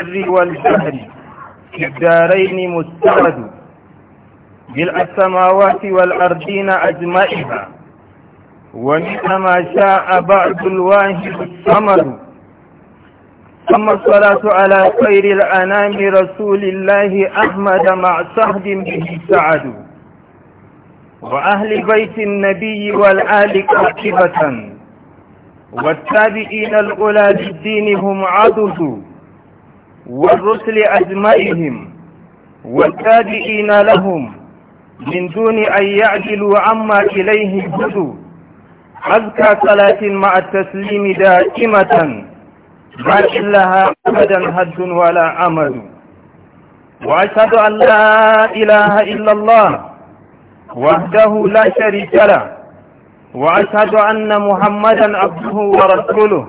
السر والجهر في الدارين مستعد جلع السماوات والأرضين أجمعها ومن ما شاء بعد الواهب الصمد أما الصلاة على خير الأنام رسول الله أحمد مع صهد به سعد وأهل بيت النبي والآل كاتبة والتابعين الأولى للدين هم عدد والرسل أجمعهم والتابعين لهم من دون أن يعجلوا عما إليه هدوا أذكى صلاة مع التسليم دائمة بل لها أبدا هد ولا أمل وأشهد أن لا إله إلا الله وحده لا شريك له وأشهد أن محمدا عبده ورسوله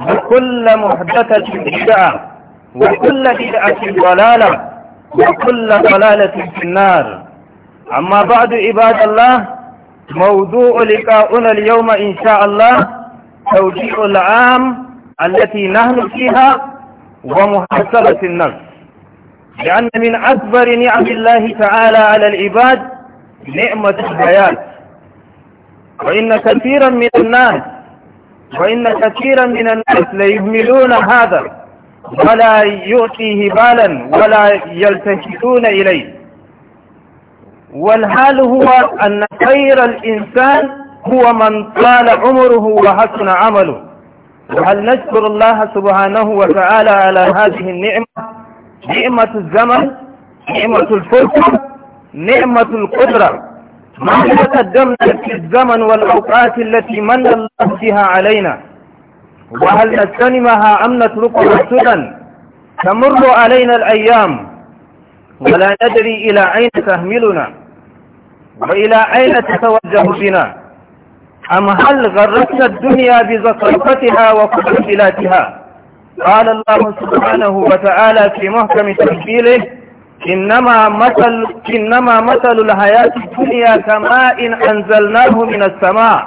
وكل محدثة بدعة وكل بدعة ضلالة وكل ضلالة في النار أما بعد عباد الله موضوع لقاؤنا اليوم إن شاء الله توجيه العام التي نحن فيها ومحاسبة النفس لأن من أكبر نعم الله تعالى على العباد نعمة الحياة وإن كثيرا من الناس وإن كثيرا من الناس ليهملون هذا ولا يؤتيه بالا ولا يلتفتون إليه والحال هو أن خير الإنسان هو من طال عمره وحسن عمله وهل نشكر الله سبحانه وتعالى على هذه النعمة نعمة الزمن نعمة الفرصة نعمة القدرة ما تقدمنا في الزمن والأوقات التي من الله فيها علينا وهل نستلمها أم نتركها سدى تمر علينا الأيام ولا ندري إلى أين تهملنا وإلى أين تتوجه بنا أم هل غرتنا الدنيا بزخرفتها وخبثلاتها قال الله سبحانه وتعالى في محكم تنزيله إنما مثل إنما مثل الحياة الدنيا كماء أنزلناه من السماء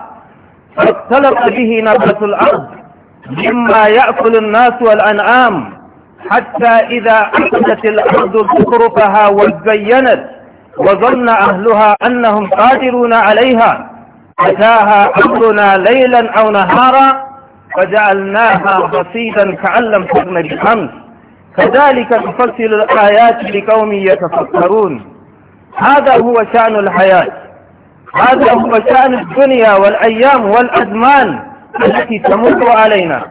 فاختلط به نبات الأرض مما يأكل الناس والأنعام حتى إذا أخذت الأرض زخرفها وزينت وظن أهلها أنهم قادرون عليها أتاها أمرنا ليلا أو نهارا فجعلناها بسيطا كأن لم تغن بالأمس كذلك نفصل الآيات لقوم يتفكرون هذا هو شأن الحياة هذا هو شأن الدنيا والأيام والأزمان التي تمر علينا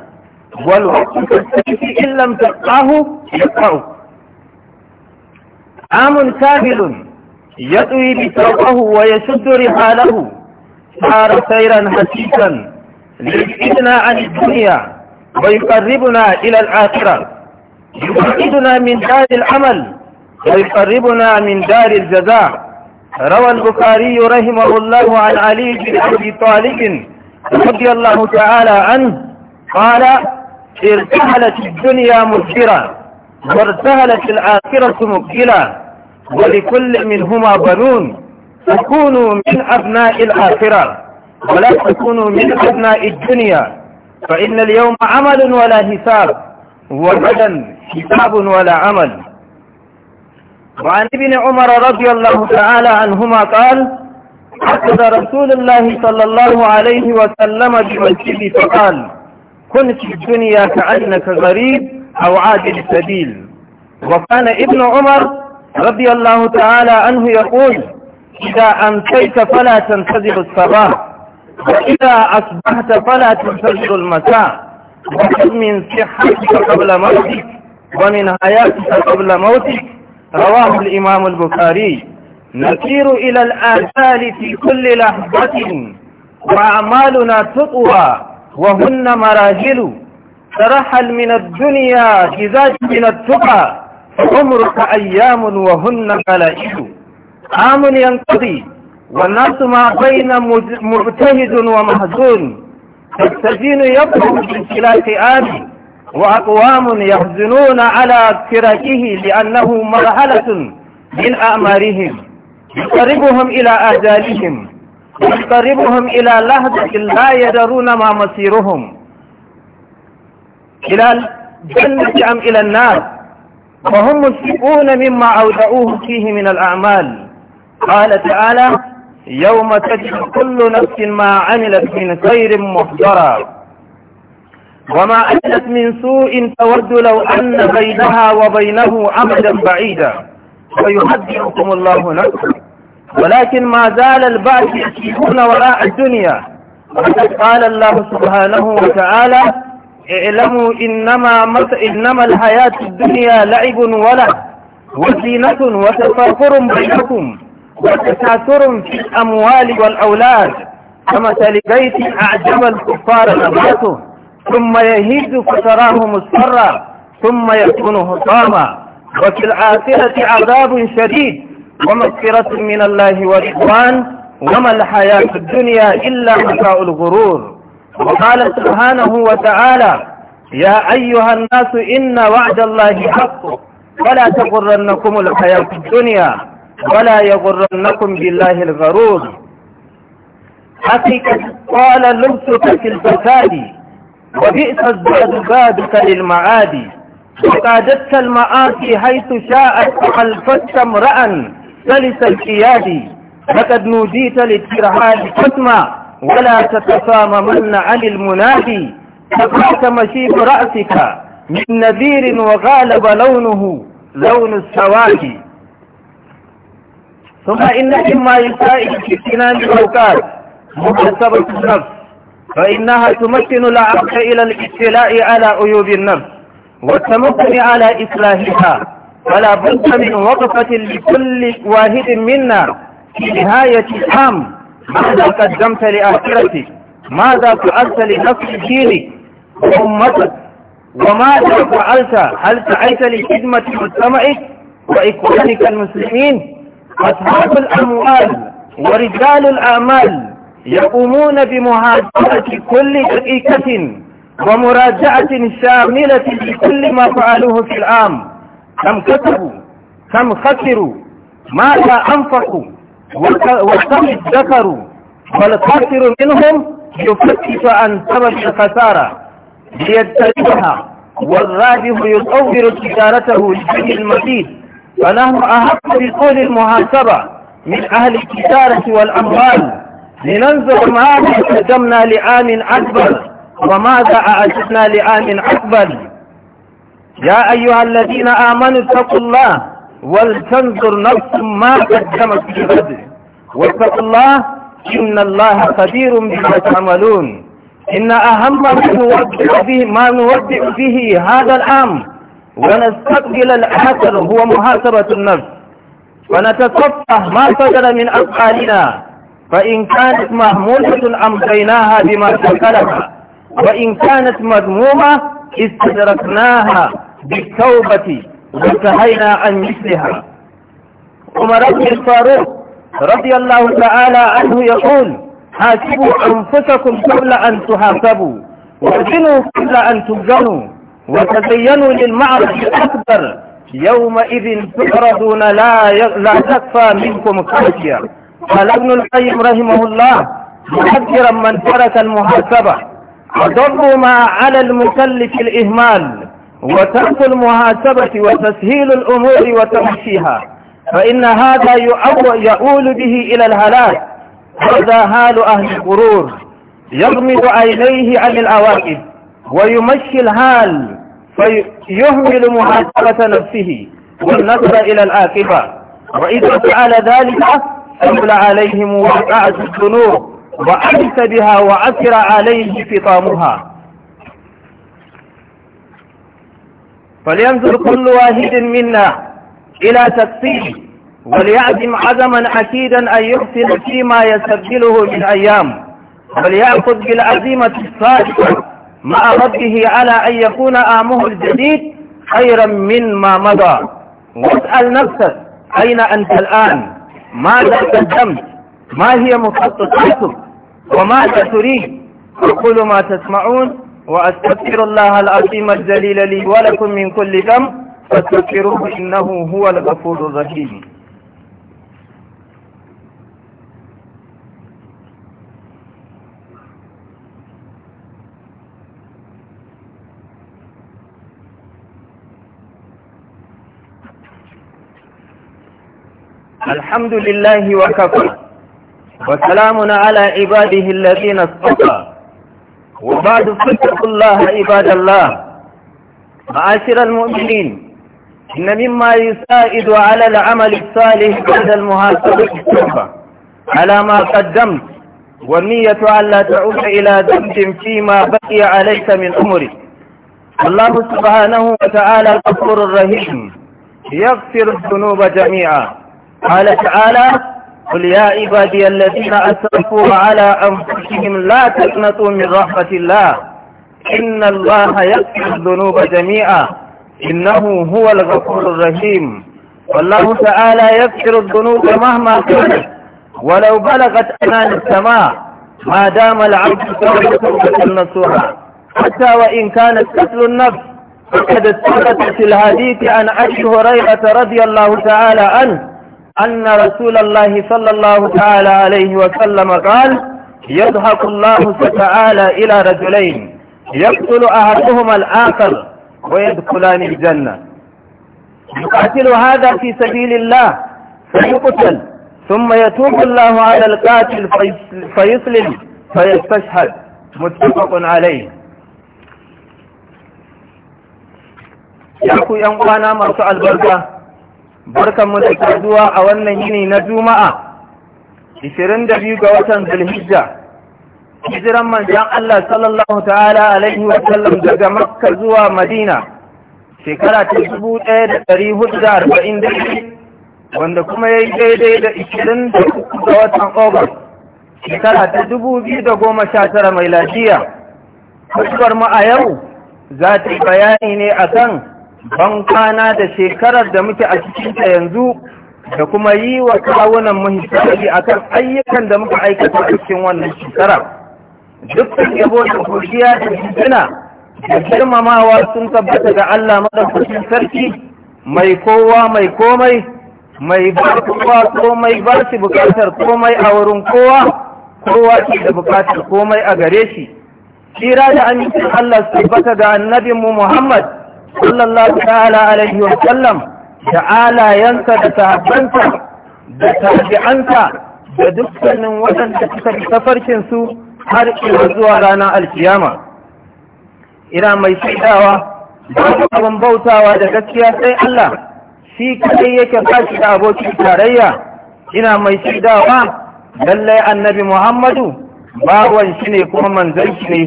والوقت تستكفي إن لم تقطعه يقطعه عام كامل يطوي بسوقه ويشد رحاله صار سيرا حسيسا ليبعدنا عن الدنيا ويقربنا إلى الآخرة يبعدنا من دار العمل ويقربنا من دار الجزاء روى البخاري رحمه الله عن علي بن أبي طالب رضي الله تعالى عنه قال ارتحلت الدنيا مذكرة وارتهلت الآخرة مبكلا ولكل منهما بنون تكونوا من أبناء الآخرة ولا تكونوا من أبناء الدنيا فإن اليوم عمل ولا حساب وغدا كتاب ولا عمل وعن ابن عمر رضي الله تعالى عنهما قال أخذ رسول الله صلى الله عليه وسلم بمسجد فقال كن في الدنيا كأنك غريب أو عادل سبيل وكان ابن عمر رضي الله تعالى عنه يقول إذا أمسيت فلا تنتظر الصباح وإذا أصبحت فلا تنتظر المساء من صحتك قبل موتك ومن حياتك قبل موتك رواه الإمام البخاري نسير إلى الآثال في كل لحظة وأعمالنا تطوى وهن مراجل ترحل من الدنيا بذات من التقى عمرك أيام وهن ملائكة عام ينقضي والناس ما بين مجتهد ومهزون فالسجين يطلب بانسلاك آبي وأقوام يحزنون على فرقه لأنه مرحلة من أعمارهم يقربهم إلى أجالهم يقربهم إلى لحظة لا يدرون ما مصيرهم إلى الجنة أم إلى النار وهم مسلمون مما أودعوه فيه من الأعمال قال تعالى يوم تجد كل نفس ما عملت من خير محضرا وما عملت من سوء تود لو أن بينها وبينه أمدا بعيدا ويهدئكم الله نفسا ولكن ما زال البعض يسيحون وراء الدنيا وقد قال الله سبحانه وتعالى اعلموا إنما, مت... إنما الحياة الدنيا لعب وله وزينة وتفاخر بينكم وتكاثر في الأموال والأولاد كمثل بيت أعجب الكفار نباته ثم يهيج فتراه مصفرا ثم يكون هطاما وفي العاصرة عذاب شديد ومغفرة من الله ورضوان وما الحياة الدنيا إلا متاع الغرور وقال سبحانه وتعالى يا أيها الناس إن وعد الله حق فلا تغرنكم الحياة الدنيا ولا يغرنكم بالله الغرور حقيقة قال لبسك في الفساد وبئس الزاد بابك للمعادي وقادتك المعاصي حيث شاءت وخلفت امرأ سلس القياد لقد نوديت للترهاب حسما ولا تتصاممن عن المنادي تقعت مشيب رأسك من نذير وغالب لونه لون السواد ثم إن إما في اتنان الأوكار مكتسبة النفس فإنها تمكن العقل إلى الاستلاء على عيوب النفس والتمكن على إصلاحها فلا بد من وقفة لكل واحد منا في نهاية الحام ماذا قدمت لآخرتك ماذا فعلت لنفس دينك وأمتك وماذا فعلت هل سعيت لخدمة مجتمعك وإخوانك المسلمين أصحاب الأموال ورجال الأعمال يقومون بمهاجرة كل دقيقة ومراجعة شاملة لكل ما فعلوه في العام كم كتبوا كم خسروا ماذا أنفقوا وكم ادخروا والخاسر منهم يفتش عن سبب الخسارة ليتبعها والرابح يصور تجارته لشيء المزيد فنحن أحق بطول المحاسبة من أهل التجارة والأموال لننظر ماذا قدمنا لعام أكبر وماذا أعجبنا لعام أكبر يا أيها الذين آمنوا اتقوا الله ولتنظر نفس ما قدمت في غد واتقوا الله إن الله خبير بما تعملون إن أهم ما نودع به, ما نودع به هذا العام ونستقبل الآخر هو محاسبة النفس ونتصفح ما صدر من أفعالنا فإن كانت مهمولة أمضيناها بما شكلها وإن كانت مذمومة استدركناها بالتوبة وانتهينا عن مثلها عمر بن الفاروق رضي الله تعالى عنه يقول حاسبوا أنفسكم قبل أن تحاسبوا وزنوا قبل أن تبزنوا وتزينوا للمعركة الأكبر يومئذ تعرضون لا ي... لا تكفى منكم خافية قال ابن القيم رحمه الله محذرا من ترك المحاسبة أضر ما على المكلف الإهمال وترك المحاسبة وتسهيل الأمور وتمشيها فإن هذا يؤول به إلى الهلاك هذا حال أهل الغرور يغمض عينيه عن الأواكب ويمشي الحال فيهمل محاسبة نفسه والنظر إلى العاقبة وإذا فعل ذلك أمل عليهم وقعت الذنوب وأمس بها وعسر عليه فطامها فلينظر كل واحد منا إلى تكفيه وليعزم عزما أكيدا أن يحسن فيما يستبدله من أيام وليأخذ بالعزيمة الصادقة مع ربه على أن يكون آمه الجديد خيرا مما مضى واسأل نفسك أين أنت الآن ماذا قدمت ما هي مخططاتك وماذا تريد أقول ما تسمعون وأستغفر الله العظيم الجليل لي ولكم من كل ذنب فاستغفروه إنه هو الغفور الرحيم الحمد لله وكفى وسلام على عباده الذين اصطفى وبعد فاتقوا الله عباد الله معاشر المؤمنين إن مما يساعد على العمل الصالح بعد المحاسبة التوبة على ما قدمت والنية ألا تعود إلى ذنب فيما بقي عليك من أمرك الله سبحانه وتعالى الغفور الرحيم يغفر الذنوب جميعا قال تعالى قل يا عبادي الذين أسرفوا على أنفسهم لا تقنطوا من رحمة الله إن الله يغفر الذنوب جميعا إنه هو الغفور الرحيم والله تعالى يغفر الذنوب مهما كانت ولو بلغت أمان السماء ما دام العبد توبة نصوحا حتى وإن كانت قتل النفس فقد ثبت في الحديث عن أبي هريرة رضي الله تعالى عنه أن رسول الله صلى الله تعالى عليه وسلم قال يضحك الله تعالى إلى رجلين يقتل أحدهما الآخر ويدخلان الجنة يقاتل هذا في سبيل الله فيقتل ثم يتوب الله على القاتل فيسلم فيستشهد متفق عليه يا أخوي أنقانا مرسى البركة barkanmu da saduwa a wannan yini na juma'a 22 ga watan zulhijja hijiran manjan Allah sallallahu ta'ala alaihi wa sallam daga makka zuwa madina shekara ta 1440 wanda kuma ya yi daidai da 23 ga watan ogun shekara ta 2019 mai lafiya kusurwar mu a yau za ta yi bayani ne akan ban kwana da shekarar da muke a cikinta yanzu da kuma yi wa kawunan muhimmanci a akan ayyukan da muka aikata cikin wannan shekarar dukkan yabo da kushiya da jijina da girmamawa sun tabbata ga Allah madaukakin sarki mai kowa mai komai mai ba kowa komai ba shi bukatar komai a wurin kowa kowa ke da bukatar komai a gare shi tsira da amincin Allah su tabbata ga annabinmu Muhammad sallallahu ta'ala alaihi wa sallam da alayansa da sahabbansa da tabi'ansa da dukkanin waɗanda suka bi tafarkin su har ila zuwa ranar alkiyama ina mai shaidawa ba abin bautawa da gaskiya sai Allah shi kadai yake fashi da abokin tarayya ina mai shaidawa lallai annabi Muhammadu ba shi ne kuma manzon shi ne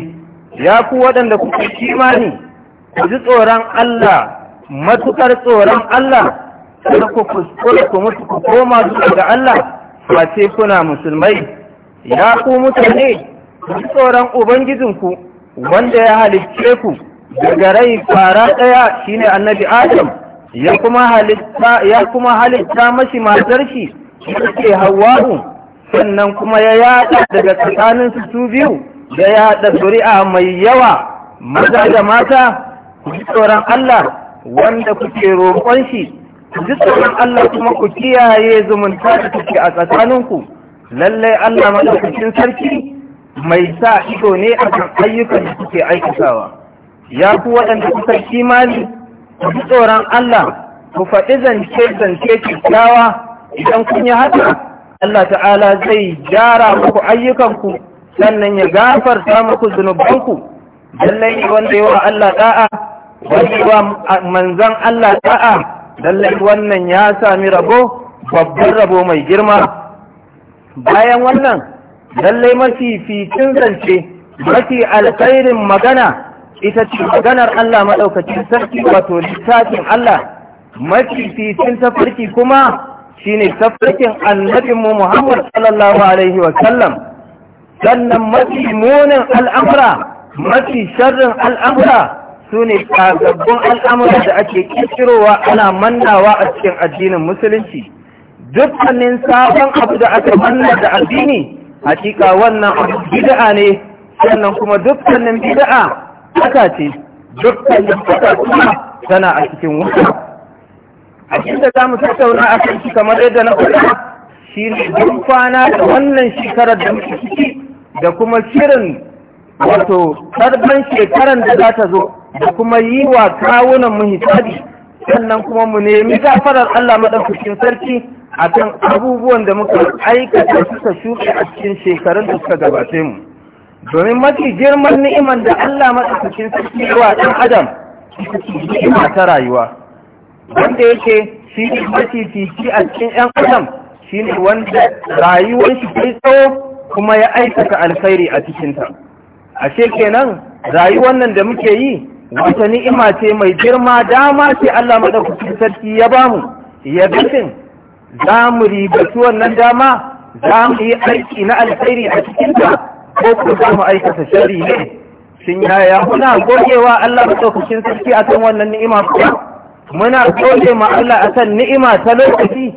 ya ku waɗanda kuke kimani ku ji tsoron Allah matukar tsoron Allah sai ku fuskura ku mutu ku koma zuwa ga Allah ba sai kuna musulmai ya ku mutane ku ji tsoron ubangijinku wanda ya halicce ku daga rai fara ɗaya shine annabi Adam ya kuma halitta ya kuma halitta mashi matar shi yake Hawwa'u sannan kuma ya yada daga tsakanin su biyu ya yada zuri'a mai yawa maza da mata ku ji tsoron Allah wanda kuke roƙon shi ku ji tsoron Allah kuma ku kiyaye zumunta da kuke a tsakaninku lallai Allah madaukakin sarki mai sa ido ne a akan ayyukan da kuke aikatawa ya ku waɗanda kuka kimani ku ji tsoron Allah ku faɗi zance zance kyakkyawa idan kun yi haka Allah ta'ala zai gyara muku ayyukanku sannan ya gafarta muku zunubanku lallai wanda yawa Allah da'a wani wa manzan Allah ta'a lallai wannan ya sami rabo babban rabo mai girma bayan wannan lallai mafi fitin zance mafi alkhairin magana ita ce maganar Allah maɗaukacin sarki wato littafin Allah mafi fitin tafarki kuma shine tafarkin mu Muhammad sallallahu alaihi wa sallam sannan mafi munin al'amura mafi sharrin al'amura su ne sababbin al'amuran da ake kirkirowa ana mannawa a cikin addinin musulunci dukkanin sabon abu da aka manna da addini hakika wannan bida'a ne sannan kuma dukkanin bida'a haka ce dukkanin fata kuma tana a cikin wuta a da za mu tattauna a kan shi kamar yadda na kula shi ne duk kwana da wannan shekarar da muke ciki da kuma shirin wato karban shekaran da za ta zo da kuma yi wa kawunan mu hisabi sannan kuma mu nemi gafarar Allah madaukakin sarki akan abubuwan da muka aikata suka shuɗe a cikin shekarun da suka gabace mu domin mafi girman ni'imar da Allah madaukakin sarki wa dan adam ni'ima ta rayuwa wanda yake shi ne mafi fifi a cikin 'yan adam shi ne wanda rayuwar shi ta tsawo kuma ya aikata alkhairi a cikinta ashe kenan rayuwar nan da muke yi wata ni'ima ce mai girma dama ce Allah madaukakin sarki ya ba mu ya bisin za mu ribaci wannan dama za mu yi aiki na alkhairi a cikin ta ko ku za mu aikata shari ne shin yaya muna gogewa Allah madaukakin sarki akan wannan ni'ima ko muna gode ma Allah akan ni'ima ta lokaci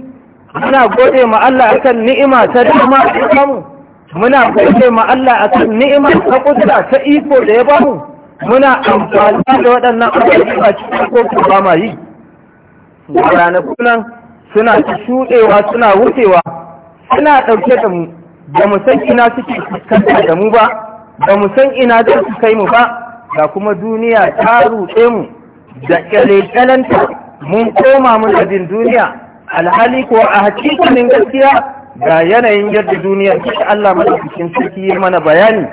muna gode ma Allah akan ni'ima ta dama ta samu muna gode ma Allah akan ni'ima ta kudura ta iko da ya mu? muna amfani da waɗannan abubuwa a cikin koko ba ma yi nan suna ta shuɗewa suna wucewa suna ɗauke da mu ba mu san ina suke fuskanta da mu ba ba mu san ina za su kai mu ba ga kuma duniya ta ruɗe mu da kyalekyalanta mun koma da jin duniya alhali ko a hakikanin gaskiya ga yanayin yadda duniya take Allah madaukakin sarki mana bayani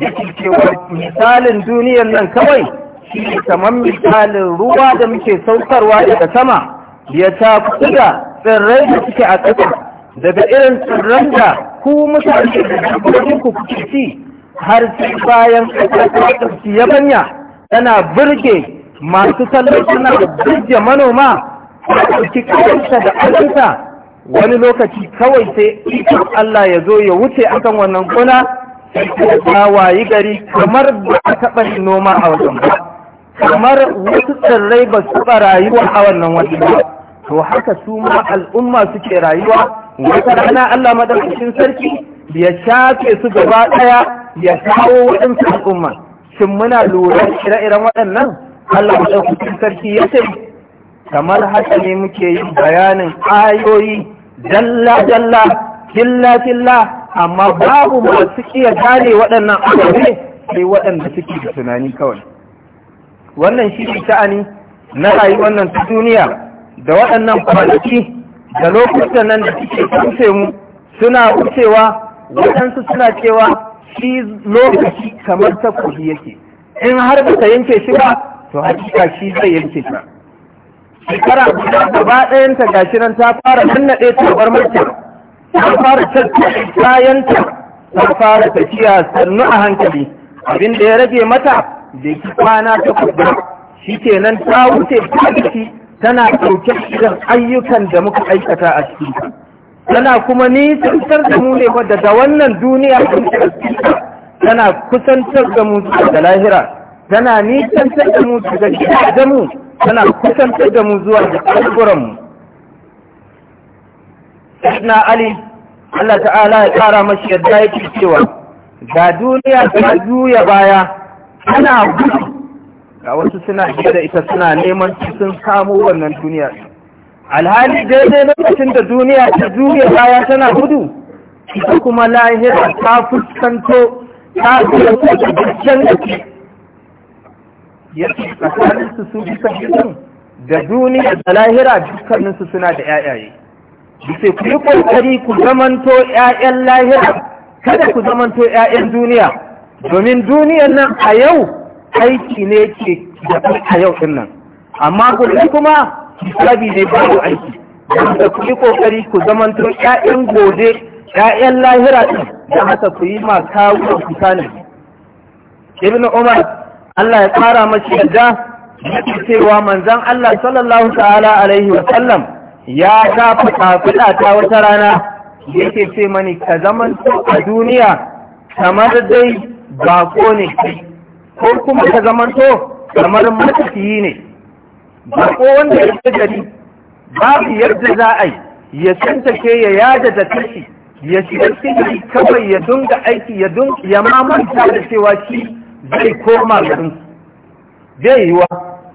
yake cewa misalin duniyar nan kawai shi ne kamar misalin ruwa da muke saukarwa daga sama ya ta kuda tsirrai da suke a ƙasa daga irin tsirran da ku mutane da dabbobin ku kuke ci har sai bayan ƙasa ya banya tana birge masu sallar suna burge manoma a ɗauki da ayyuka wani lokaci kawai sai ikon Allah ya zo ya wuce akan wannan gona ta wayi gari kamar ba a taɓa noma a wajen ba kamar wasu tsirrai ba su ba rayuwa a wannan wajen ba to haka su ma al'umma suke rayuwa wata rana Allah madaukakin sarki ya shafe su gaba ɗaya ya kawo waɗansu al'umma shin muna lura ire-iren waɗannan Allah madaukakin sarki ya ce kamar haka ne muke yin bayanin ayoyi dalla-dalla killa-killa amma babu masu iya gane waɗannan ababe sai waɗanda suke da tunani kawai wannan shi ne sha'ani na rayuwar nan ta duniya da waɗannan kwanaki da lokutan nan da suke kuse mu suna wucewa waɗansu suna cewa shi lokaci kamar takobi yake in har ba ta yanke shi ba to hakika shi zai yanke shi shekara guda gaba ɗayanta gashi nan ta fara nannaɗe tabar mace ta fara tattare kayanta ta fara tafiya sannu a hankali abin da ya rage mata da ki kwana ta kuɗa shi nan ta wuce ta tana ɗauke irin ayyukan da muka aikata a ciki tana kuma ni nisantar da mu ne wadda da wannan duniya tana kusantar da mu da lahira tana nisantar da mu daga da mu tana kusantar da mu zuwa da alburan mu sayyidina ali Allah ta'ala ya ƙara mashi yadda yake cewa ga duniya ta juya baya tana gudu ga wasu suna da ita suna neman su sun samu wannan duniya alhali daidai lokacin da duniya ta juya baya tana gudu ita kuma lahira ta fuskanto ta fuskanto da can ya tsakanin su su bisa da duniya da lahira dukkaninsu suna da 'ya'yaye yace ku yi ƙoƙari ku zamanto ƴaƴan lahira kada ku zamanto ƴaƴan duniya domin duniyar nan a yau aiki ne ke da a yau din nan amma ku kuma hisabi ne babu aiki da ku yi ƙoƙari ku zamanto ƴaƴan gobe ƴaƴan lahira ɗin, da haka ku yi ma kawo ku sanin umar Allah ya kara mashi yadda yake cewa manzon Allah sallallahu ta'ala alaihi wa sallam ya shafa kafiɗa ta wata rana yake ce mani ka zaman a duniya kamar dai bako ne ko kuma ka zaman kamar matafiyi ne bako wanda ya fi gari babu yadda za a yi ya ke ya yada da tashi ya shiga cikin kawai ya dunga aiki ya dunga ya mamanta da cewa shi zai koma garin zai yiwa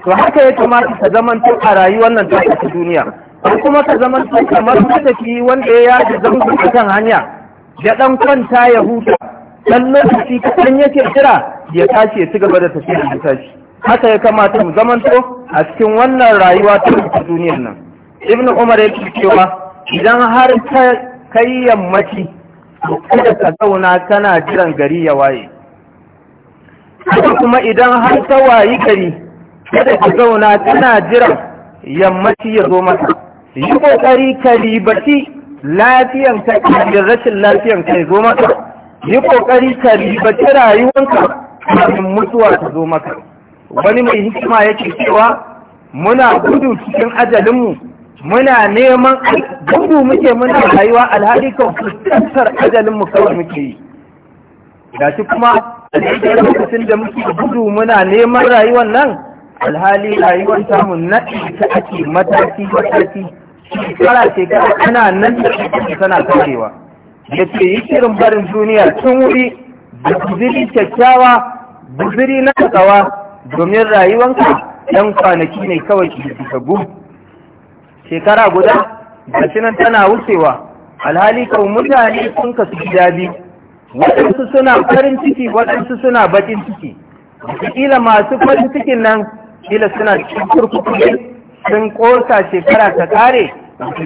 to haka ya kamata ka zaman a rayuwar nan ta duniya ko kuma ka zama kamar matafi wanda ya yaji zango a kan hanya Da ɗan kwanta ya huta dan lokaci kaɗan yake kira ya tashi ya ci gaba da tafiya da tashi haka ya kamata mu zamanto a cikin wannan rayuwa ta duniyar nan ibnu umar ya yake cewa idan har ka kai yammaci kada ka zauna kana jiran gari ya waye haka kuma idan har ta wayi gari kada ka zauna kana jiran yammaci ya zo maka yi ƙoƙari ka ribaci ka da rashin lafiyan ka zo maka yi ƙoƙari ka ribaci rayuwanka kafin mutuwa ta zo maka wani mai hikima yake cewa muna gudu cikin ajalinmu muna neman gudu muke muna rayuwa alhali kan fuskantar ajalinmu kawai muke yi ga shi kuma a cikin lokacin da muke gudu muna neman rayuwar nan alhali rayuwar samun naɗi ta ake mataki mataki shekara shekara tana nan da tana karewa da ce yi shirin barin duniya tun wuri da guziri kyakkyawa guziri na kakawa domin rayuwanka ɗan kwanaki ne kawai gum. shekara guda da nan tana wucewa alhali kan mutane sun kasu gida waɗansu suna farin ciki waɗansu suna baƙin ciki kila masu farin cikin nan kila suna cikin kurkuku ne sun ƙosa shekara ta ƙare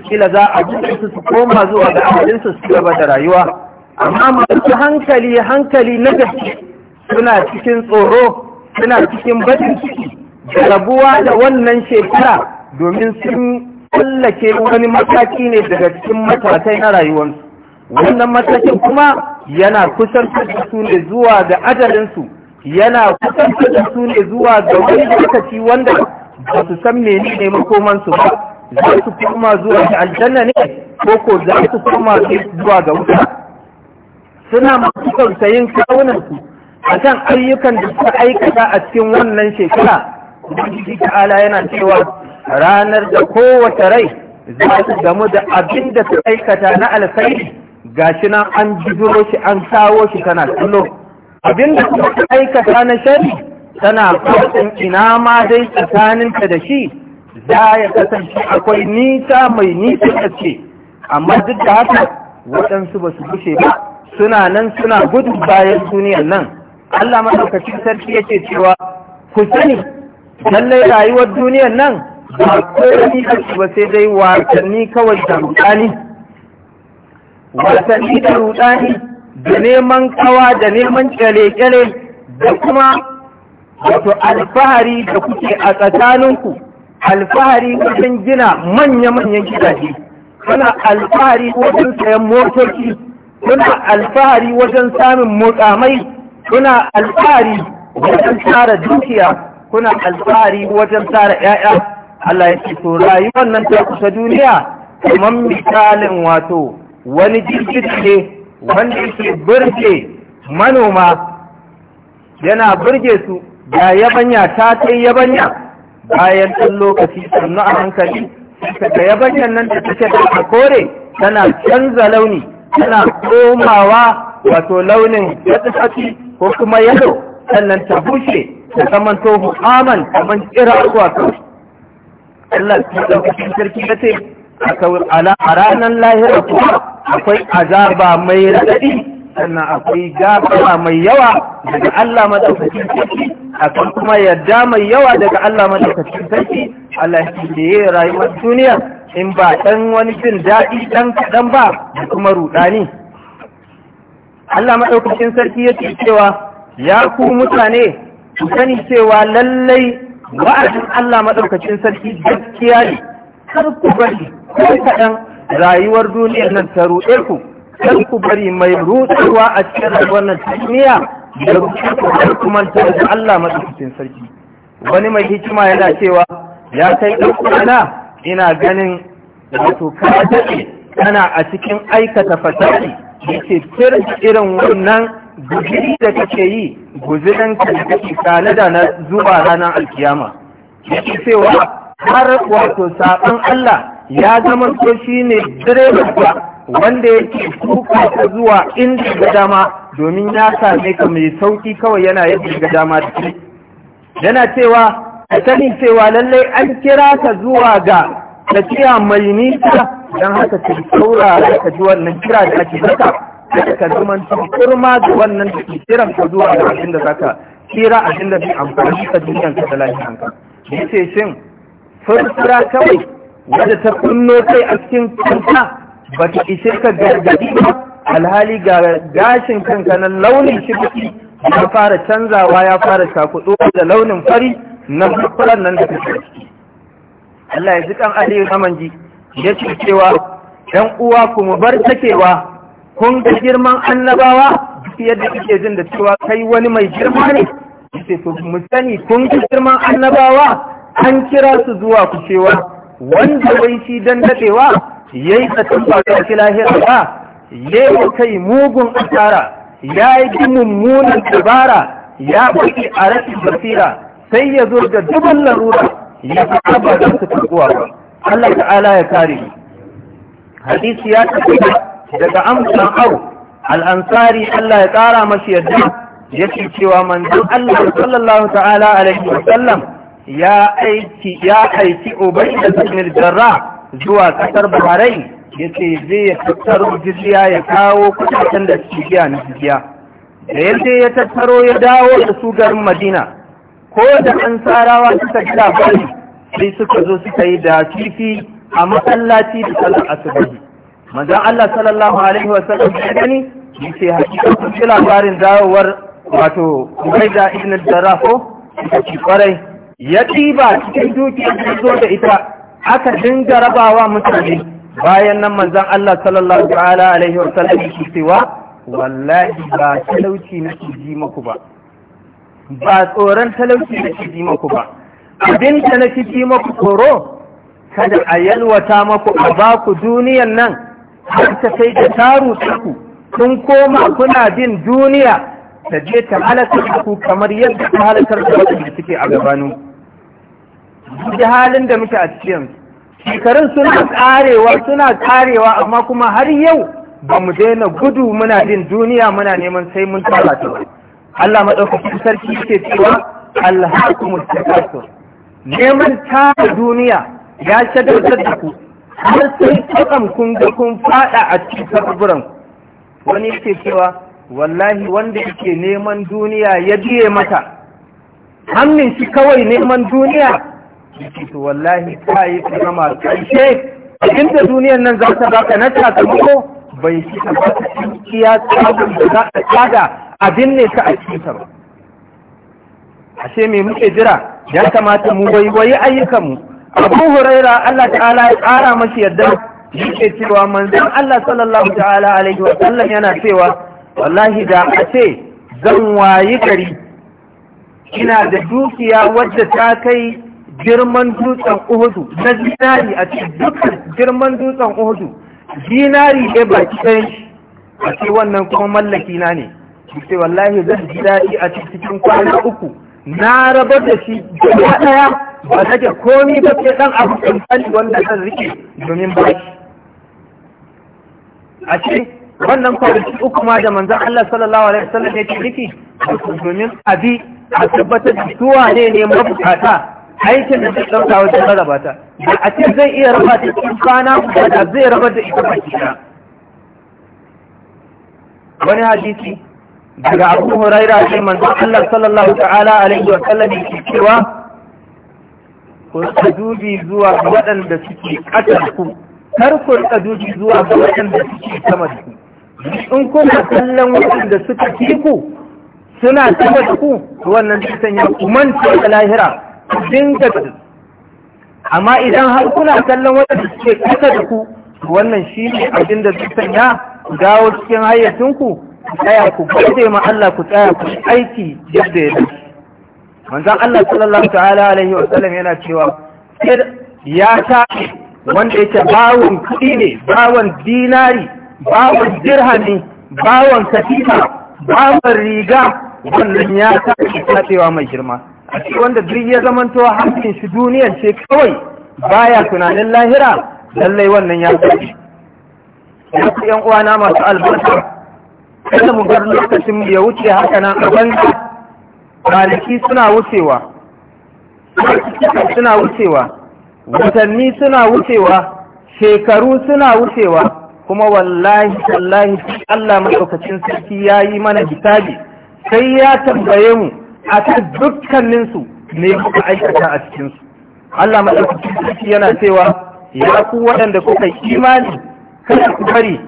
kila za a buɗe su su koma zuwa ga abinsu su gaba da rayuwa amma masu hankali hankali na gaske suna cikin tsoro suna cikin baɗin ciki da rabuwa da wannan shekara domin sun tsallake wani mataki ne daga cikin matakai na rayuwarsu wannan matakin kuma yana kusantar da su ne zuwa ga ajalinsu yana kusantar da su ne zuwa ga wani lokaci wanda ba su san menene ne makomansu ba za su koma zuwa ga aljanna ne ko ko za su koma zuwa ga wuta suna yin tausayin su. a kan ayyukan da suka aikata a cikin wannan shekara ubangiji ta'ala yana cewa ranar da kowace rai za su gamu da abin da su aikata na alkhairi gashi nan an bijiro shi an kawo shi kana kallo abin da suka aikata na shari tana fatan ina ma dai tsakaninta da shi za ya kasance akwai nisa mai nisa kace amma duk da haka waɗansu ba su bushe ba suna nan suna gudu bayan duniyar nan Allah madaukakin sarki yake cewa ku sani lallai rayuwar duniyar nan ba komai kace ba sai dai wasanni kawai da rudani wasanni da rudani da neman kawa da neman kyale-kyale da kuma wato alfahari da kuke a tsakaninku alfahari wajen gina manya-manyan gidaje kuna alfahari wajen sayan motoci kuna alfahari wajen samun motsamai kuna alfahari wajen tara dukiya kuna alfahari wajen tara 'ya'ya Allah ya ce to rayuwar nan ta kusa duniya kamar misalin wato wani jirgin ne wanda yake birge manoma yana burge su Ya yabanya ta kai yabanya bayan ɗan lokaci sannu a hankali daga yabanyan nan da take da kore tana canza launi tana komawa wato launin fatsi ko kuma yalo sannan ta bushe ta zaman tohu aman kamar kira wato Allah ta sarki ta ce a ranar lahira kuma akwai azaba mai raɗaɗi sannan akwai gafara mai yawa daga Allah madaukakin sarki Akan kuma yadda mai yawa daga Allah madaukakin sarki Allah shi da ya rayuwar duniya in ba dan wani jin daɗi dan kaɗan ba da kuma rudani Allah madaukakin sarki ya ce cewa ya ku mutane ku sani cewa lallai wa'azin Allah madaukakin sarki gaskiya ne kar ku bari ko kaɗan rayuwar duniyar nan ta ruɗe ku kan ku bari mai rutsarwa a cikin wannan tasmiya da rutsarwa kuma ta da Allah madaukakin sarki wani mai hikima yana cewa ya kai ɗaukana ina ganin wato ka daɗe kana a cikin aikata fataki, da ke fir irin wannan guziri da kake yi guzirin ka da kake da na zuwa ranar alkiyama yake cewa har wato sabon Allah ya zama to shi direba. wanda yake kuka ta zuwa inda ga dama domin ya same ka mai sauki kawai yana yadda ga dama ciki yana cewa ka sani cewa lallai an kira ka zuwa ga tafiya mai nisa don haka ka saurara ka ji wannan kira da ake zaka da ka zama kurma da wannan da ke kiran ka zuwa ga abin da zaka kira abin da bai amfani ka duniyan ka da lafiyanka yace shin furfura kawai wadda ta kunno kai a cikin kanta ba ta ishe ka gargadi ba alhali ga gashin kanka na launin shirki ya fara canzawa ya fara shakudu da launin fari na fukulan nan da kake Allah ya ji kan aliyu samanji ya ce cewa ‘yan uwa kuma bar takewa kun ga girman annabawa yadda kuke jin da cewa kai wani mai girma ne ce to mu sani kun ga girman annabawa an kira su zuwa ku cewa wanda wai shi dan dadewa yayi zaton ba ka ci lahira ba yi kai mugun asara yi ji mummunan dabara ya baki a rashin basira sai ya zo da dubban larura ya fi ba da su tukuwa ba Allah ta'ala ya kare hadisi ya tafi daga amsan au al'ansari Allah ya ƙara mashi yadda ya ce cewa manzan Allah sallallahu ta'ala alaihi ya aiki ya aiki ubai da jarra zuwa ƙasar buharai ya ce zai ya tattaro jirgiya ya kawo kudaden da suke biya na jirgiya da yadda ya tattaro ya dawo da su garin madina ko da an tsarawa suka ji labari sai suka zo suka yi da kifi a masallaci da salar asibiti maza Allah sallallahu alaihi wasallam ya gani ce hakika kun ji labarin dawowar wato Ubaida ibn Jarrah ko shi kwarai ya ɗiba cikin dukiyar da zo da ita aka dinga rabawa mutane bayan nan manzan Allah sallallahu alaihi wa sallam cewa wallahi ba talauci na ji maku ba ba tsoron talauci na ji maku ba abin da na ji maku tsoro kada a yalwata maku a ba ku duniyan nan har ta kai da taru ku kun koma kuna bin duniya ta je ta halakar ku kamar yadda ta halakar da wadanda suke a gabanu. duk halin da muke a cikin shekarun suna karewa suna karewa amma kuma har yau ba mu daina gudu muna jin duniya muna neman sai mun tsara ta Allah madaukakin sarki yake cewa Allah alhaqumut takasur neman tara duniya ya shagaltar da ku har sai tsakam kun ga kun fada a cikin kaburburan wani yake cewa wallahi wanda yake neman duniya ya biye mata hannun shi kawai neman duniya ciki to wallahi ka yi kaishe karshe inda duniyar nan za ta baka na sakamako bai shi ta baka cikiya tsabu da za ta tsada abin ne ta a cikinta ba ashe me muke jira ya kamata mu waiwayi ayyukanmu abu huraira Allah ta'ala ya ƙara mashi yadda yake cewa manzon Allah sallallahu ta'ala alaihi wa sallam yana cewa wallahi da a ce zan wayi gari ina da dukiya wadda ta kai girman dutsen uhudu na zinari a cikin dukkan girman dutsen uhudu zinari ɗaya baki ɗaya. shi a ce wannan kuma mallaki na ne ce wallahi zan ji daɗi a cikin kwana uku na rabar da shi gaba ɗaya ba nake komi ba ke ɗan abu ɗan wanda zan rike domin ba shi a ce wannan kwanaki uku ma da manzan Allah sallallahu alaihi wasallam ya ke riki domin abi a tabbatar da zuwa ne ne mabukata aikin da zai ɗauka wajen rarraba ta da a ce zai iya raba ta cikin kwana guda da zai raba da ita ba kira wani hadisi daga abu huraira ce manzo Allah sallallahu ta'ala alaihi wa sallam ke cewa ku rika dubi zuwa waɗanda suke ƙasar ku kar ku rika dubi zuwa waɗanda suke sama da ku in kuna kallon waɗanda suka fi ku suna sama da ku wannan zai sanya ku manta lahira dinga amma idan har kuna kallon wanda suke kasa da ku wannan shi ne abin da zai sanya ku dawo cikin hayyacinku ku tsaya ku gode ma Allah ku tsaya ku aiki yadda ya dace manzon Allah sallallahu ta'ala alaihi wa sallam yana cewa ya ta wanda yake bawon kuɗi ne bawon dinari bawon dirhami bawon katifa bawon riga wannan ya ta cewa mai girma a ce wanda duk ya zamanto hankin shi duniyan ce kawai baya tunanin lahira lallai wannan ya fi ya fi yan uwana masu albarka kada mu bar lokacin ya wuce haka nan a banza maliki suna wucewa suna wucewa watanni suna wucewa shekaru suna wucewa kuma wallahi wallahi Allah madaukakin sarki yayi mana hisabi sai ya tambaye mu a kan dukkaninsu ne kuka aikata a cikinsu Allah maɗaukacin yana cewa ya ku waɗanda kuka imani kada ku bari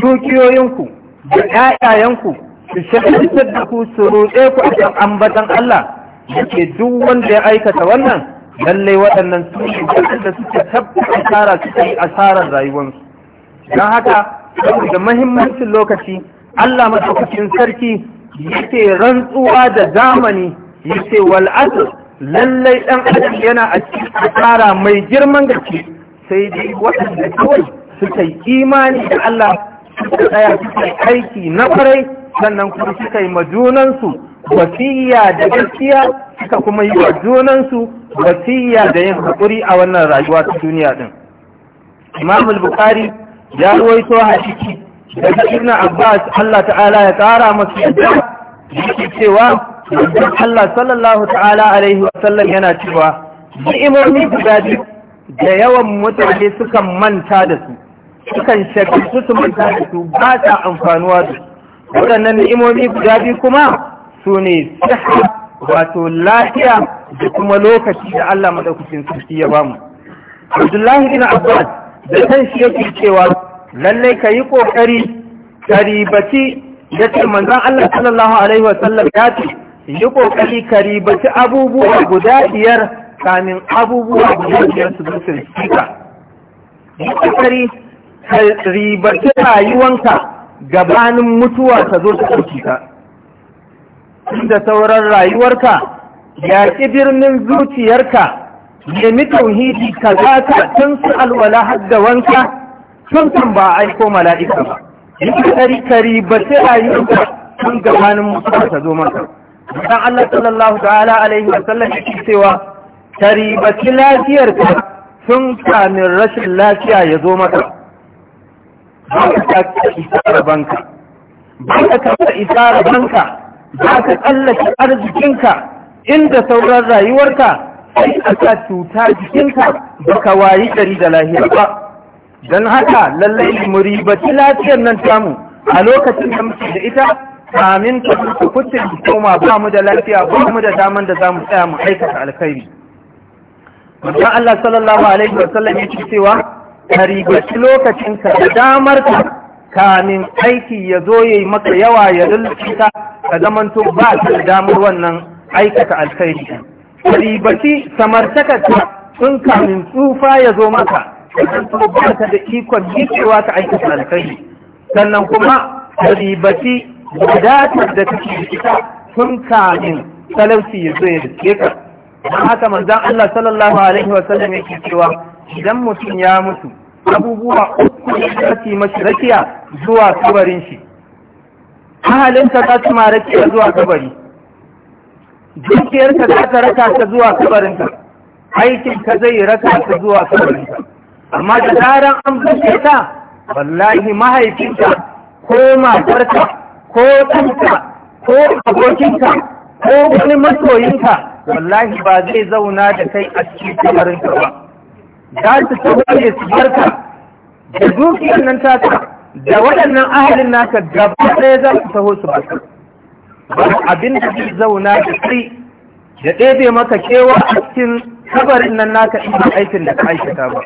dukiyoyinku da ƴaƴayenku su shagaltar da ku su roƙe ku a kan ambatan Allah yake duk wanda ya aikata wannan lallai waɗannan su ne waɗanda suka tabbata asara suka yi asarar rayuwarsu don haka saboda mahimmancin lokaci Allah maɗaukacin sarki yake rantsuwa da zamani yake wal'adu lallai ɗan adam yana a cikin tsara mai girman gaske sai dai waɗanda kawai suka yi imani da Allah suka tsaya suka aiki na farai sannan kuma suka yi majunansu wasiya da gaskiya suka kuma yi wa junansu wasiya da yin haƙuri a wannan rayuwa ta duniya ɗin. imamul bukari bukhari ya ruwaito hadisi daga ibn abbas Allah ta'ala ya ƙara masu yadda yake cewa wajen Allah sallallahu ta'ala alaihi wasallam yana cewa ni'imomi guda biyu da yawan mutane sukan manta da su sukan shakarci su manta da su ba ta amfanuwa da waɗannan ni'imomi guda biyu kuma su ne siha wato lafiya da kuma lokaci da Allah madaukakin sarki ya bamu Abdullahi bin Abbas da kan shi yake cewa lallai ka yi ƙoƙari ka ribaci ya ce manzan Allah sallallahu Alaihi wasallam ya ce yi ƙoƙari ka ribaci abubuwa guda biyar kamin abubuwa guda biyar su zuwa shika yi ƙoƙari ka ribaci rayuwanka gabanin mutuwa ta zo ta ɗauki ka da sauran rayuwarka ya yaƙi birnin zuciyarka nemi tauhidi ka zaka tun su alwala hadda wanka sun ba a aiko mala'ika ba yi kari kari ba sai a yi ka tun gabanin mutuwa ta zo maka dan Allah sallallahu ta'ala alaihi wa sallam yake cewa kari ba ci lafiyar ka tun kamin rashin lafiya ya zo maka ba ka ta isara banka ba ka ta isara banka ba ka tsallake arzikinka inda sauran rayuwarka sai a sa cuta jikinka ba ka wayi gari da lahiya ba don haka lallai mu ribaci lafiyar nan tamu a lokacin da muke da ita amin ta kuka kuce ba mu da lafiya ba mu da daman da za mu tsaya mu aikata alkhairi Mutum Allah sallallahu Alaihi wasallam ya ce cewa, ka ribaci lokacinka da damarka kamin aiki ya zo ya yi maka yawa ya lulluta ka zamanto ba ta da damar wannan aikata alkhairi. karibaci ribaci sun kamin tsufa ya zo maka kuma ta da ikon yikewa ta aiki alkhairi sannan kuma da ribaci wadatar da take ita tun kamin salafi ya zoye ya riske ka don haka manzan Allah sallallahu alaihi wasallam sallam yake cewa idan mutum ya mutu abubuwa uku ne za su yi mashi rakiya zuwa kabarin shi halinta za su ma rakiya zuwa kabari dukiyarka za ta raka ta zuwa kabarinta aikinka zai raka ta zuwa kabarinka amma da zaran an bushe ta wallahi mahaifinta ko matarka ko ɗanka ko abokinka ko wani masoyinka wallahi ba zai zauna da kai a cikin kamarinka ba za su tawaye su barka da dukiyar nan taka da waɗannan ahalin naka gaba ɗaya za su taho su barka ba abin da zai zauna da kai da ɗebe maka kewa a cikin kabarin nan naka ɗin aikin da ka aikata ba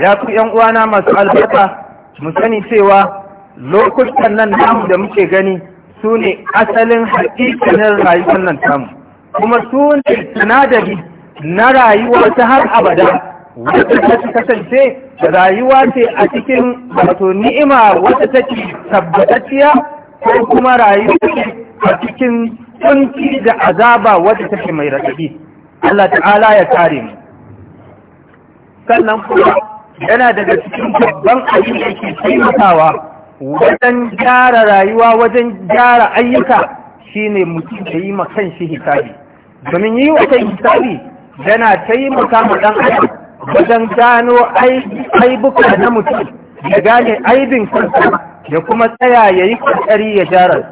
ya ku yan uwana masu albarka mu sani cewa lokutan nan namu da muke gani su ne asalin hakikanin rayuwar nan tamu kuma su ne sinadari na rayuwa ta har abada wata ta kasance rayuwa ce a cikin wato ni'ima wata ci tabbatacciya ko kuma rayuwa ce a cikin tunci da azaba wata take mai rasabi Allah ta'ala ya tare mu sannan kuma yana daga cikin babban abin da ke taimakawa wajen gyara rayuwa wajen gyara ayyuka shine mutum da yi ma kanshi hisabi domin yi wa kai hisabi yana taimaka ma dan adam wajen gano aibuka na mutum ya gane aibin kansa ya kuma tsaya ya yi kokari ya gyara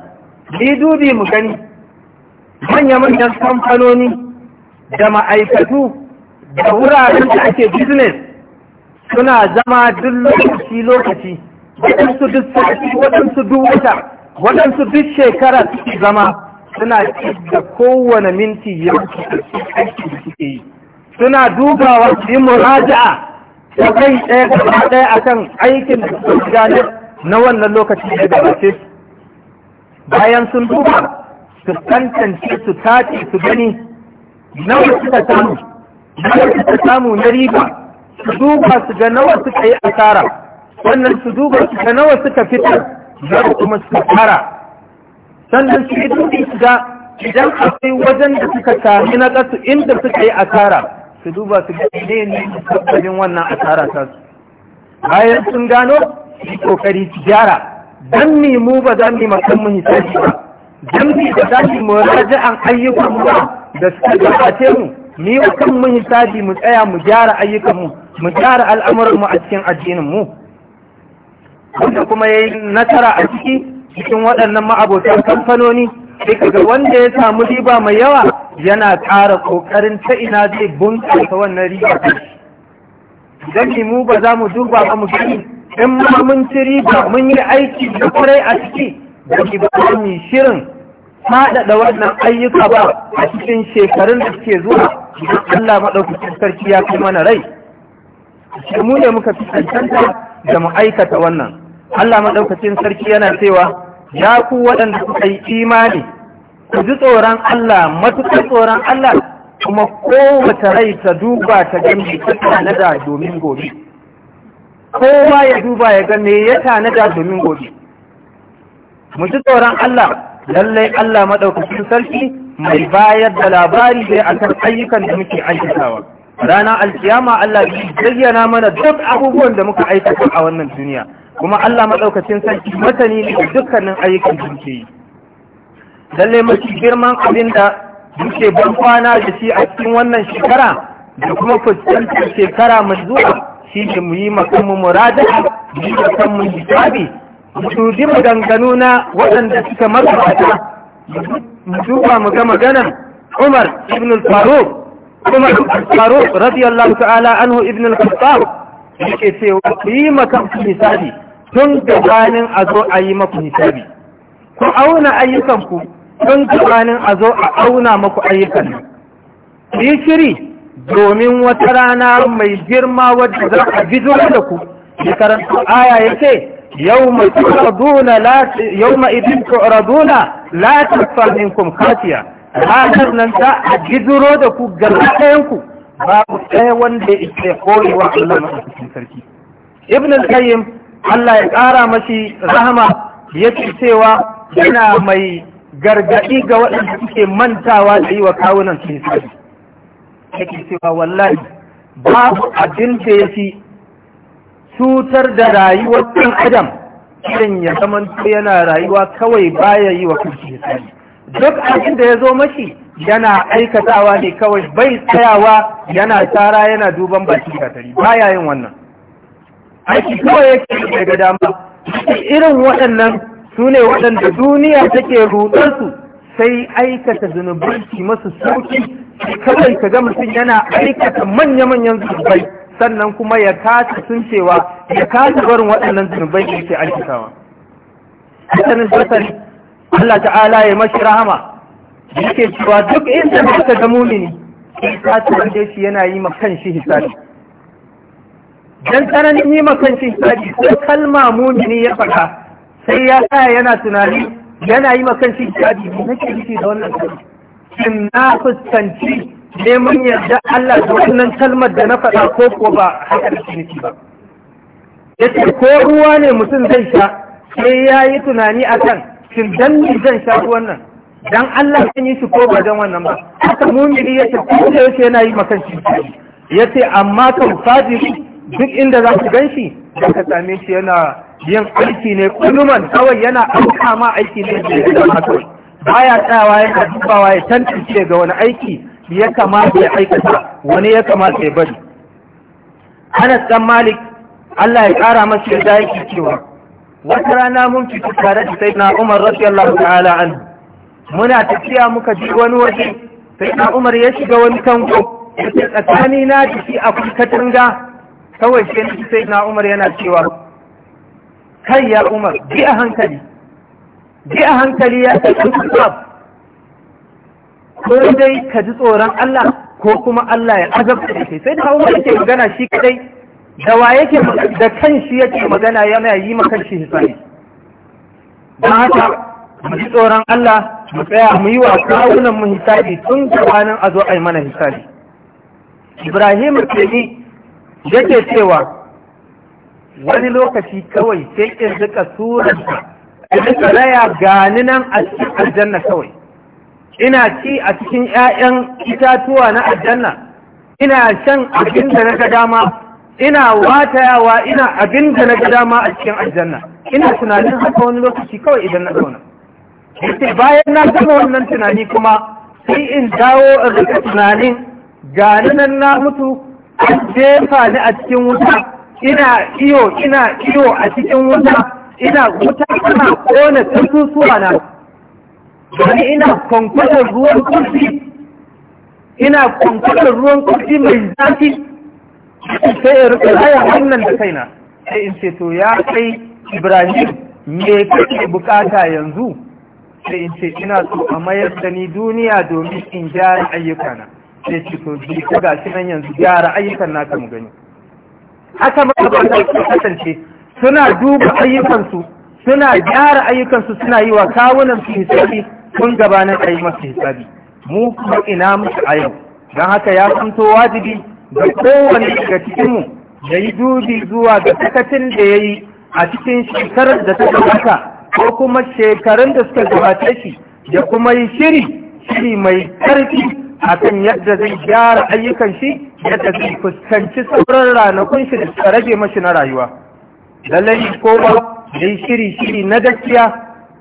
ni dubi mu gani manya-manyan kamfanoni da ma'aikatu da wuraren da ake business suna zama duk lokaci lokaci waɗansu duk sati waɗansu duk wata waɗansu duk shekara suke zama suna da kowane minti ya aiki da suke yi suna dubawa su yi muraja'a da kai ɗaya gaba ɗaya kan aikin da suka gane na wannan lokaci da gabace bayan sun duba su tantance su tace su gani nawa suka samu nawa suka samu na riba su duba su ga nawa suka yi asara wannan su duba su ga nawa suka fitar za kuma su fara sannan su yi dubi su ga idan akwai wajen da suka sami na ƙasu inda suka yi asara su duba su ga ne ne sabbin wannan asara ta su bayan sun gano su kokari su gyara dan mi mu ba za mu yi mu hisabi ba dan mi ba za mu yi ayyukan mu da suka gabace mu ni wa kan mu hisabi mu tsaya mu gyara ayyukan mu mu gyara al'amuranmu a cikin addininmu wanda kuma ya yi nasara a ciki cikin waɗannan ma'abotan kamfanoni sai ga wanda ya samu riba mai yawa yana ƙara ƙoƙarin ta ina zai bunƙasa wannan riba idan mu ba za mu duba ba mu gani in ma mun ci riba mun yi aiki da kwarai a ciki da ki ba mu shirin faɗaɗa wannan ayyuka ba a cikin shekarun da suke zuwa Allah maɗaukacin sarki ya kai mana rai mu ne muka fi cancanta da mu aikata wannan Allah maɗaukacin sarki yana cewa ya ku waɗanda suka yi imani ku ji tsoron Allah matuƙar tsoron Allah kuma kowace rai ta duba ta gani ta tanada domin gobe kowa ya duba ya gane ya tanada domin gobe mu ji tsoron Allah lallai Allah maɗaukacin sarki mai bayar da labari dai akan ayyukan da muke aikatawa. rana alkiyama Allah zai bayyana mana duk abubuwan da muka aikata a wannan duniya kuma Allah madaukakin sarki matani ne dukkanin ayyukan da muke yi lalle mafi girman abin da muke ban kwana da shi a cikin wannan shekara da kuma fuskantar shekara mai zuwa shi ne mu yi mu murada mu yi makamu hisabi mu dubi maganganu na waɗanda suka magabata mu duba mu ga maganar Umar ibn al-Faruq kuma faru radiyallahu ta'ala anhu ibn al-khattab yake cewa ku yi maka hisabi tun gabanin a zo a yi maku hisabi ku auna ayyukanku tun gabanin a zo a auna maku ayyukan ku yi shiri domin wata rana mai girma wadda za a bizo da ku shekaran aya ya ce yau ma idin ت... يوم إذن تعرضون khatiya ranar nan za a gidiro da ku ba babu ɗaya wanda ya isa korewa Allah cikin sarki ibn al-qayyim Allah ya ƙara mashi rahama yake cewa yana mai gargaɗi ga waɗanda suke mantawa da yi wa kawunan su hisabi yake cewa wallahi babu abin da ya fi cutar da rayuwar ɗan adam irin ya zama yana rayuwa kawai baya yi wa kansu hisabi duk abin da ya zo mashi yana aikatawa ne kawai bai tsayawa yana tsara yana duban baki katari ya yin wannan aiki kawai yake daga dama irin waɗannan su ne waɗanda duniya take rudarsu sai aikata zunubai masu sauki kawai ka ga mutum yana aikata manya-manyan zunubai sannan kuma ya kasa sun cewa ya kasa barin waɗannan zunubai da yake aikatawa. Hasanin Allah ta'ala ya mashi rahama yake cewa duk inda da suka ga mumini ta tsaye shi yana yi ma kanshi hisabi dan tsananin yi ma kanshi hisabi ko kalma mumini ya faɗa sai ya sa yana tunani yana yi ma kanshi hisabi ne nake yi da wannan kalma shin na fuskanci neman yarda Allah da wannan kalmar da na faɗa ko ko ba haka da shi ba yace ko ruwa ne mutum zai sha sai ya yi tunani akan shin dan zan sha wannan. dan Allah ya yi su ko ba dan wannan ba haka mumini ya ce ko yake yana yi makan shi yace amma kan fadi duk inda za ku ganshi da ka same shi yana yin aiki ne kuluman kawai yana auka ma aiki ne da ya baya tsayawa yana dubawa ya tantance ga wani aiki ya kamata ya aikata wani ya kamata ya bari Anas dan Malik Allah ya kara masa yadda yake cewa wata rana mun fito tare da na Umar radiyallahu ta'ala an muna tafiya muka ji wani waje Sai na Umar ya shiga wani tanko sai tsakani na shi a katanga kawai sai na Umar yana cewa kai ya Umar ji a hankali ji a hankali ya tsakani ko dai ka ji tsoron Allah ko kuma Allah ya azabta kai sai na Umar yake magana shi kadai da wa yake da kan shi yake magana yana yi ma kan shi hisabi don haka mu ji tsoron Allah mu tsaya mu yi wa kawunan mu hisabi tun gabanin a zo a mana hisabi Ibrahim ni yake cewa wani lokaci kawai sai in rika surarsa in rika raya gani nan a cikin aljanna kawai ina ci a cikin 'ya'yan itatuwa na aljanna ina shan abin da na ga dama ina watayawa ina abin da na ga dama a cikin aljanna ina tunanin haka wani lokaci kawai idan na zauna bayan na gama wannan tunani kuma sai in dawo in rika tunanin gani nan na mutu an jefa ni a cikin wuta ina iyo ina iyo a cikin wuta ina wuta kana kona tutuwa na gani ina kwankwadar ruwan kurfi ina kwankwadar ruwan kurfi mai zafi sai ya rufe raya wannan da kaina sai in ce to ya kai ibrahim me kake bukata yanzu sai in ce ina so a mayar da ni duniya domin in gyara ayyukana sai ce to ji ko ga shi nan yanzu gyara ayyukan naka mu gani haka ba ta kasance suna duba ayyukansu suna gyara ayyukansu suna yi wa kawunan su hisabi kun gabanin ayi masu hisabi mu kuma ina musu a yau don haka ya zanto wajibi da kowane daga cikinmu ya yi dubi zuwa ga sakacin da ya yi a cikin shekarar da ta gabata ko kuma shekarun da suka gabata shi da kuma yi shiri shiri mai karfi a kan yadda zai gyara ayyukan shi yadda zai fuskanci sauran ranakun shi da suka rage mashi na rayuwa lallai ko ba yi shiri shiri na gaskiya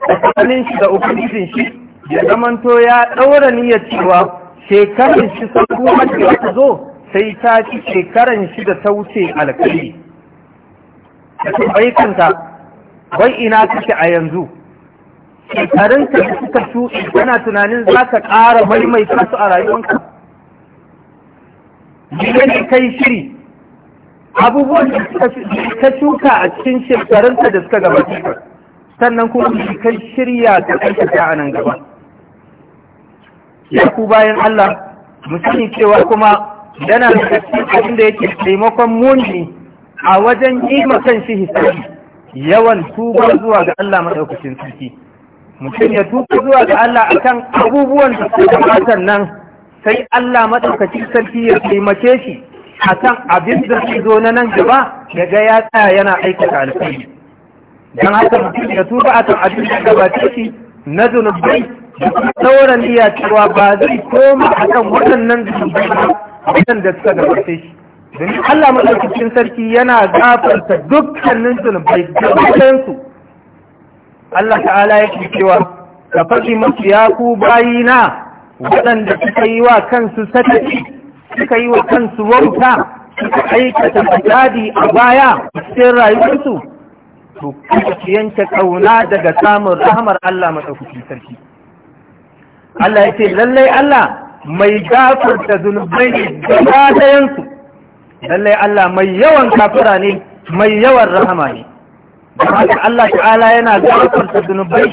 tsakanin shi da ubangijin shi ya zamanto ya ɗaura niyyar cewa shekarar shi sun kuma ta zo sai ta ci shekaran shi da ta wuce alkali da tambayi kanta bai ina kake a yanzu shekarunka da suka shuɗi yana tunanin za ka ƙara maimaita su a rayuwanka ne kai shiri abubuwan da ka shuka a cikin shekarunka da suka gabata sannan kuma kai shirya ta ta a nan gaba ya ku bayan Allah mu cewa kuma yana da abin da yake taimakon muni a wajen yi kan shi hisabi yawan tuba zuwa ga Allah madaukakin sarki mutum ya tuba zuwa ga Allah akan abubuwan da suka gabatar nan sai Allah madaukakin sarki ya taimake shi akan abin da zai zo na nan gaba ya ya tsaya yana aikata alfahari. dan haka mutum ya tuba akan abin da gabatar shi na zunubai da sauran iya cewa ba zai koma akan waɗannan zunubai ba waɗanda suka gabace shi domin Allah madaukakin sarki yana gafarta dukkanin zunubai da su Allah ta'ala yake cewa ka faɗi musu ya ku na, waɗanda suka yi wa kansu sakaci suka yi wa kansu wauta suka aikata fasadi a baya cikin rayuwarsu to kuma ci yanke kauna daga samun rahamar Allah madaukakin sarki Allah ya ce lallai Allah mai gafarta zunubai da gaba lallai Allah mai yawan kafira ne mai yawan rahama ne haka Allah ta'ala yana gafarta zunubai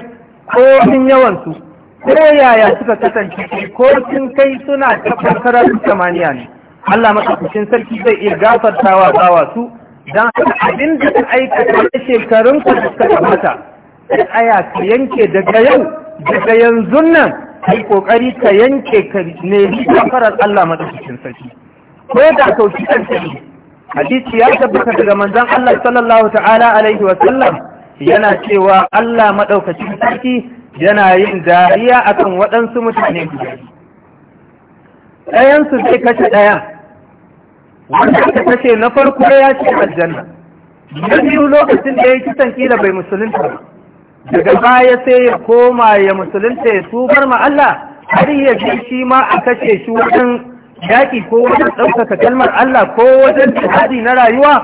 ko sun yawansu ko yaya suka kasance ko sun kai suna tabbatar samaniya ne Allah matsakaicin sarki zai iya gafartawa bawa su don abin da ta aikata da shekarun da suka gabata aya ka yanke daga yau daga yanzu nan kai kokari ka yanke ka ne kafarar Allah madaukakin sarki ko da kauci kan sarki hadisi ya tabbata daga manzan Allah sallallahu ta'ala alaihi wa sallam yana cewa Allah madaukakin sarki yana yin dariya akan waɗansu mutane ɗayan su zai kashe ɗaya wanda aka kashe na farko ya ce aljanna yanzu lokacin da ya kisan kila bai musulunta ba daga baya sai ya koma ya musulunta ya tubar ma Allah har ya ji shi ma a kashe shi wajen yaƙi ko wajen ɗaukaka kalmar Allah ko wajen jihadi na rayuwa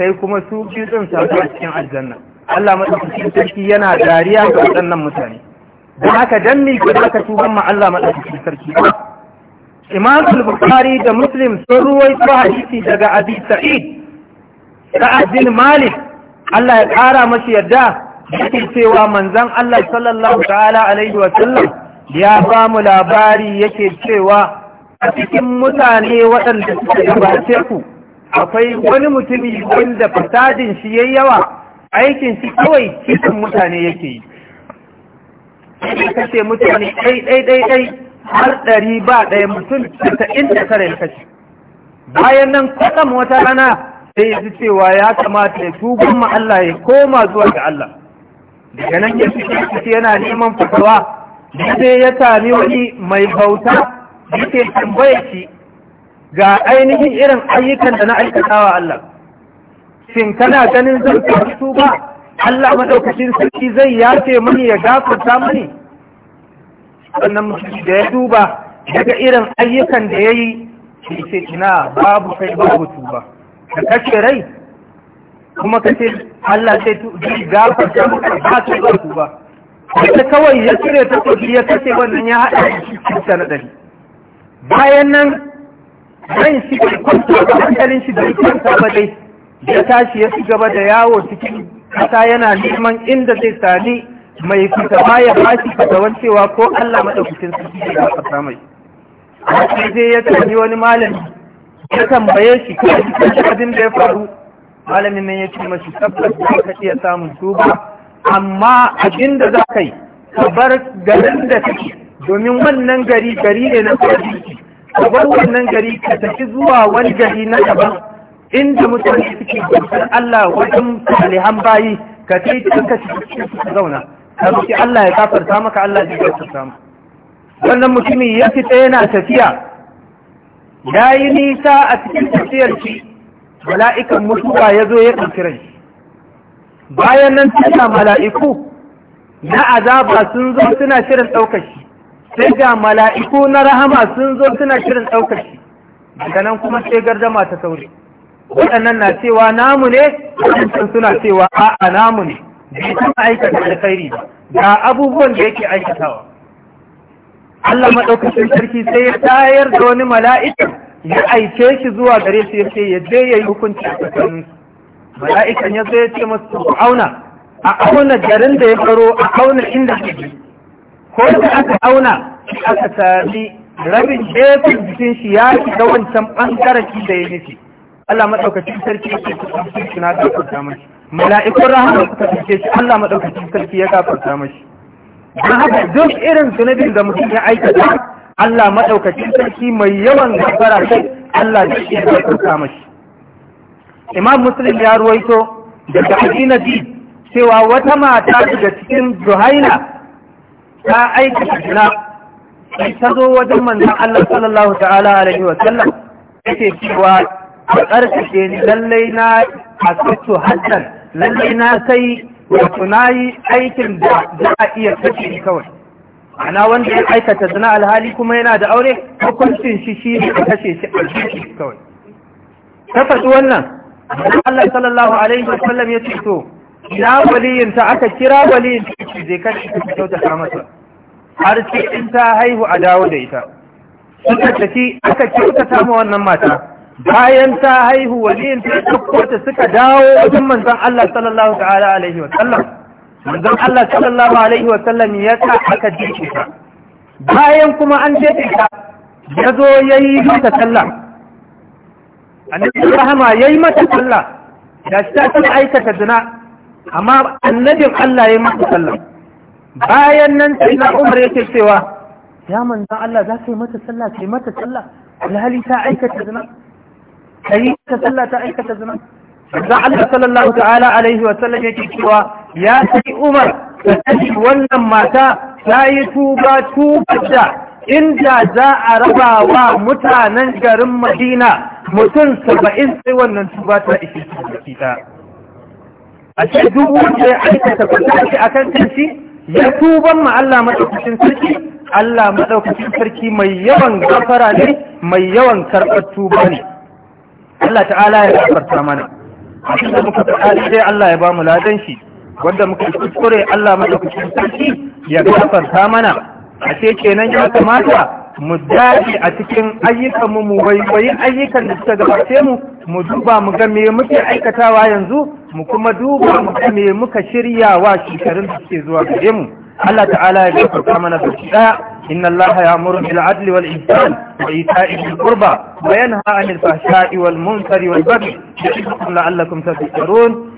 sai kuma su biyu ɗin sabu a cikin aljanna Allah maɗaukakin sarki yana dariya ga waɗannan mutane don haka dan mi ka zaka tuban ma Allah maɗaukakin sarki Imam Bukhari da Muslim sun ruwaito hadisi daga Abi Sa'id Sa'ad bin Malik Allah ya ƙara mashi yadda yake cewa manzan Allah sallallahu ta'ala alaihi wa sallam ya ba mu labari yake cewa a cikin mutane waɗanda suka gabace ku akwai wani mutumi wanda fasadin shi yayi yawa aikin shi kawai cikin mutane yake yi ya kashe mutane ɗai ɗai ɗai har ɗari ba ɗaya mutum casa'in da kare kashe bayan nan kwatsam wata rana sai ya ji cewa ya kamata ya tuban ma Allah ya koma zuwa ga Allah daga nan ya fita yana neman fatawa sai ya sami wani mai bauta yake tambaya shi ga ainihin irin ayyukan da na aikatawa Allah shin kana ganin zan tafi su ba Allah madaukakin sarki zai yace mani ya gafarta mani sannan mutum da ya duba daga irin ayyukan da ya yi shi ce ina babu kai babu tuba da kashe rai kuma ka ce Allah sai zai gafarta maka ba su ba ba wata kawai ya cire ta kogi ya kace wannan ya haɗa shi na ɗari bayan nan zan shi da kwanta da hankalin shi da kwanta ba dai ya tashi ya cigaba da yawo cikin kasa yana neman inda zai sami mai fitama ya bashi da cewa ko Allah maɗaukacin sarki da ya fata mai sai ya tafi wani malami ya tambaye shi kan abin da ya faru malamin nan ya ce mashi tabbas da aka iya samun tuba amma abinda za ka yi ka bar garin da kake domin wannan gari gari ne na kwanci ka bar wannan gari ka tafi zuwa wani gari na daban inda mutane suke bautar Allah wajen salihan bayi ka kai kanka cikin su zauna ka roki Allah ya kafarta maka Allah ya gafarta maka wannan mutumin ya fita yana tafiya yayi nisa a cikin tafiyar shi mala'ikan mutuwa ya zo ya ɗauki rai bayan nan mala'iku na azaba sun zo suna shirin ɗaukashi sai ga mala'iku na rahama sun zo suna shirin ɗaukashi shi daga nan kuma sai gardama ta sauri waɗannan na cewa namu ne waɗancan suna cewa a'a namu ne bai aikata ba ga abubuwan da yake aikatawa Allah maɗaukacin sarki sai ya tayar da wani mala'ikan. ya aike shi zuwa gare shi yake ya je ya yi hukunci a tsakanin mala'ikan ya zai ce masu auna a auna garin da ya faro a auna inda ke bi ko da aka auna aka sami rabin jefin jikin shi ya shiga wancan ɓangaren da ya nufi Allah maɗaukacin sarki ya ce su suna gafarta mashi mala'ikun rahama suka fice shi Allah maɗaukacin sarki ya gafarta mashi don haka duk irin zunubin da mutum ya aikata Allah maɗaukacin sarki mai yawan gafara shi Allah da shi ya kuka mashi Imam Muslim ya ruwaito daga Adina bi cewa wata mata daga cikin Juhaina ta aiki jina sai ta zo wajen manzon Allah sallallahu ta'ala alaihi wa sallam yake cewa a ƙarfashe ni lallai na asirtu haddan lallai na sai wato na yi aikin da za a iya kashe kawai ana wanda ya aikata zina alhali kuma yana da aure hukuncin shi shi ne kashe shi a cikin kawai ta faɗi wannan Allah sallallahu alaihi wa sallam ya ce to ina waliyin ta aka kira waliyin ta ce zai kashe ta kyauta ta masa har sai in ta haihu a dawo da ita suka tafi aka kyauta ta ma wannan mata bayan ta haihu waliyin ta ta suka dawo wajen manzon Allah sallallahu ta'ala alaihi wa sallam manzon Allah sallallahu alaihi wa sallam ya sa aka jefe ta bayan kuma an jefe ta ya zo ya yi mata sallah annabi rahama ya yi mata sallah da shi ta san aikata zina amma annabin Allah ya yi mata sallah bayan nan sai na Umar yake cewa ya manzon Allah za ka yi mata sallah ka yi mata sallah alhali ta aikata zina ka yi mata sallah ta aikata zina manzon Allah sallallahu ta'ala alaihi wa sallam yake cewa ya sai umar da Tashi wannan mata ta yi tuba tubarta inda za a raba wa mutanen garin madina mutum saba'in sai wannan tuba ta ishe su da a ce dubu wanda ya aikata fata shi a kan kanshi ya tuban ma Allah maɗaukacin sarki Allah maɗaukacin sarki mai yawan gafara ne mai yawan karɓar tuba ne Allah ta'ala ya gafarta mana a cikin muka faɗa sai Allah ya ba mu ladan shi wanda muka kuskure Allah madaukakin sarki ya gafarta mana a ce kenan ya kamata mu dace a cikin ayyukan mu mu waiwayi ayyukan da suka gabace mu mu duba mu ga me muke aikatawa yanzu mu kuma duba mu ga me muka wa shekarun da suke zuwa gare mu Allah ta'ala ya gafarta mana da shi daya إن الله يأمر بالعدل والإحسان وإيتاء ذي القربى وينهى عن الفحشاء والمنكر والبغي يعظكم لعلكم تذكرون